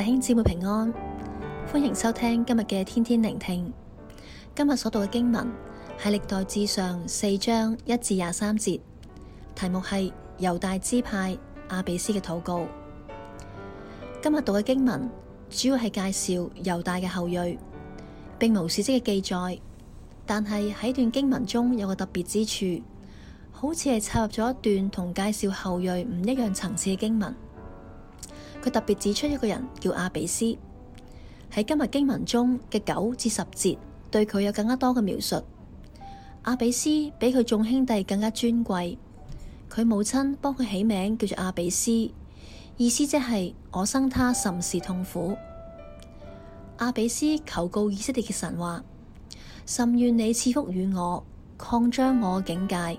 弟兄姊妹平安，歡迎收聽今日嘅天天靈聽。今日所讀嘅經文係歷代志上四章一至廿三節，題目係猶大支派雅比斯嘅禱告。今日讀嘅經文主要係介紹猶大嘅後裔，並無事蹟嘅記載。但係喺段經文中有個特別之處，好似係插入咗一段同介紹後裔唔一樣層次嘅經文。佢特別指出一個人叫雅比斯，喺今日經文中嘅九至十節對佢有更加多嘅描述。雅比斯比佢眾兄弟更加尊貴，佢母親幫佢起名叫做雅比斯，意思即係我生他甚是痛苦。雅比斯求告以色列嘅神話，甚願你賜福與我，擴張我嘅境界，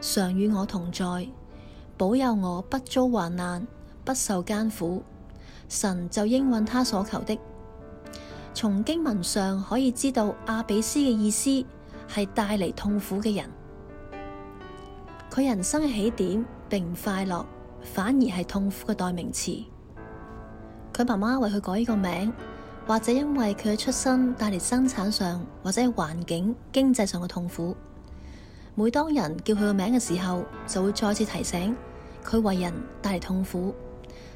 常與我同在，保佑我不遭患難，不受艱苦，神就應允他所求的。從經文上可以知道，雅比斯嘅意思係帶嚟痛苦嘅人。佢人生嘅起點並唔快樂，反而係痛苦嘅代名詞。佢媽媽為佢改呢個名，或者因為佢嘅出生帶嚟生產上或者環境經濟上嘅痛苦。每當人叫佢個名嘅時候，就會再次提醒佢為人帶嚟痛苦。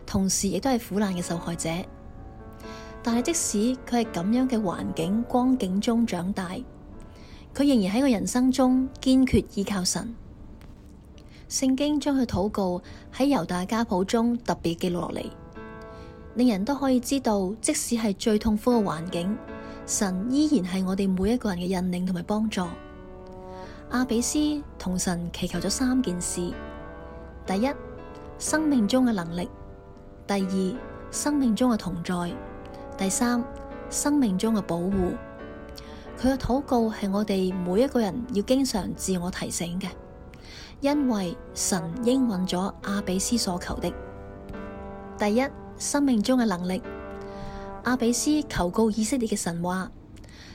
同時亦都係苦難嘅受害者，但係即使佢係咁樣嘅環境光景中長大，佢仍然喺個人生中堅決依靠神。聖經將佢禱告喺猶大家譜中特別記錄落嚟，令人都可以知道，即使係最痛苦嘅環境，神依然係我哋每一個人嘅引領同埋幫助。雅比斯同神祈求咗三件事：第一，生命中嘅能力。第二，生命中嘅同在；第三，生命中嘅保護。佢嘅禱告係我哋每一個人要經常自我提醒嘅，因為神應允咗雅比斯所求的。第一，生命中嘅能力。雅比斯求告以色列嘅神話，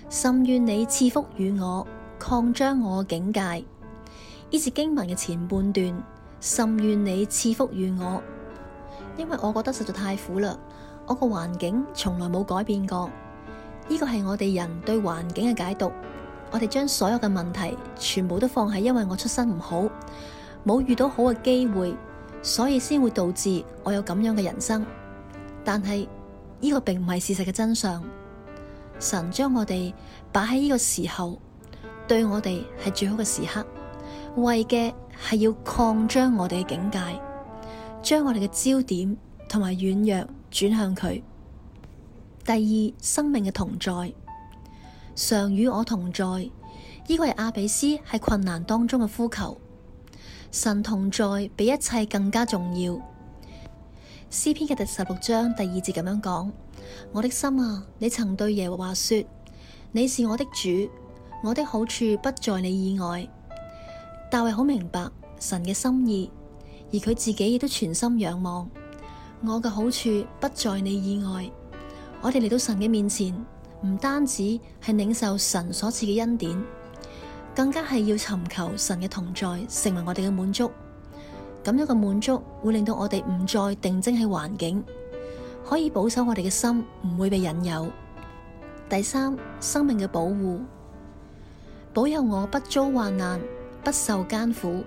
甚願你賜福與我，擴張我嘅境界。呢節經文嘅前半段，甚願你賜福與我。因為我覺得實在太苦啦，我個環境從來冇改變過，呢個係我哋人對環境嘅解讀。我哋將所有嘅問題全部都放喺，因為我出身唔好，冇遇到好嘅機會，所以先會導致我有咁樣嘅人生。但係呢個並唔係事實嘅真相。神將我哋擺喺呢個時候，對我哋係最好嘅時刻，為嘅係要擴張我哋嘅境界。將我哋嘅焦點同埋軟弱轉向佢。第二，生命嘅同在，常與我同在。呢、這個係雅比斯喺困難當中嘅呼求。神同在比一切更加重要。詩篇嘅第十六章第二節咁樣講：我的心啊，你曾對耶和華說：你是我的主，我的好處不在你以外。大衛好明白神嘅心意。而佢自己亦都全心仰望，我嘅好處不在你以外。我哋嚟到神嘅面前，唔單止係領受神所賜嘅恩典，更加係要尋求神嘅同在，成為我哋嘅滿足。咁樣嘅滿足會令到我哋唔再定睛喺環境，可以保守我哋嘅心唔會被引誘。第三，生命嘅保護，保佑我不遭患難，不受艱苦。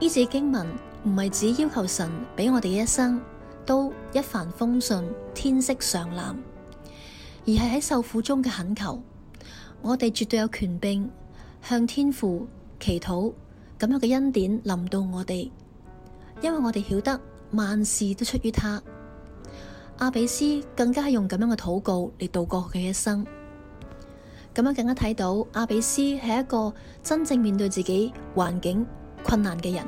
呢節經文，唔係只要求神俾我哋嘅一生都一帆風順、天色常藍，而係喺受苦中嘅懇求，我哋絕對有權柄，向天父祈禱，咁樣嘅恩典臨到我哋，因為我哋曉得萬事都出於他。雅比斯更加係用咁樣嘅禱告嚟度過佢嘅一生，咁樣更加睇到雅比斯係一個真正面對自己環境困難嘅人。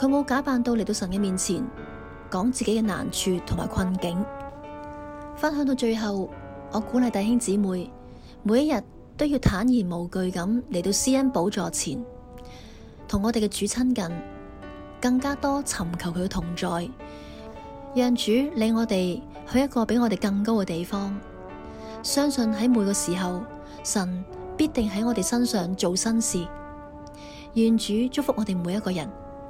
佢冇假扮到嚟到神嘅面前，講自己嘅難處同埋困境。分享到最後，我鼓勵弟兄姊妹，每一日都要坦然無懼咁嚟到施恩寶座前，同我哋嘅主親近，更加多尋求佢嘅同在，讓主領我哋去一個比我哋更高嘅地方。相信喺每個時候，神必定喺我哋身上做新事。願主祝福我哋每一個人。